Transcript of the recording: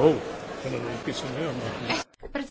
Oh, können wir ein bisschen höher machen.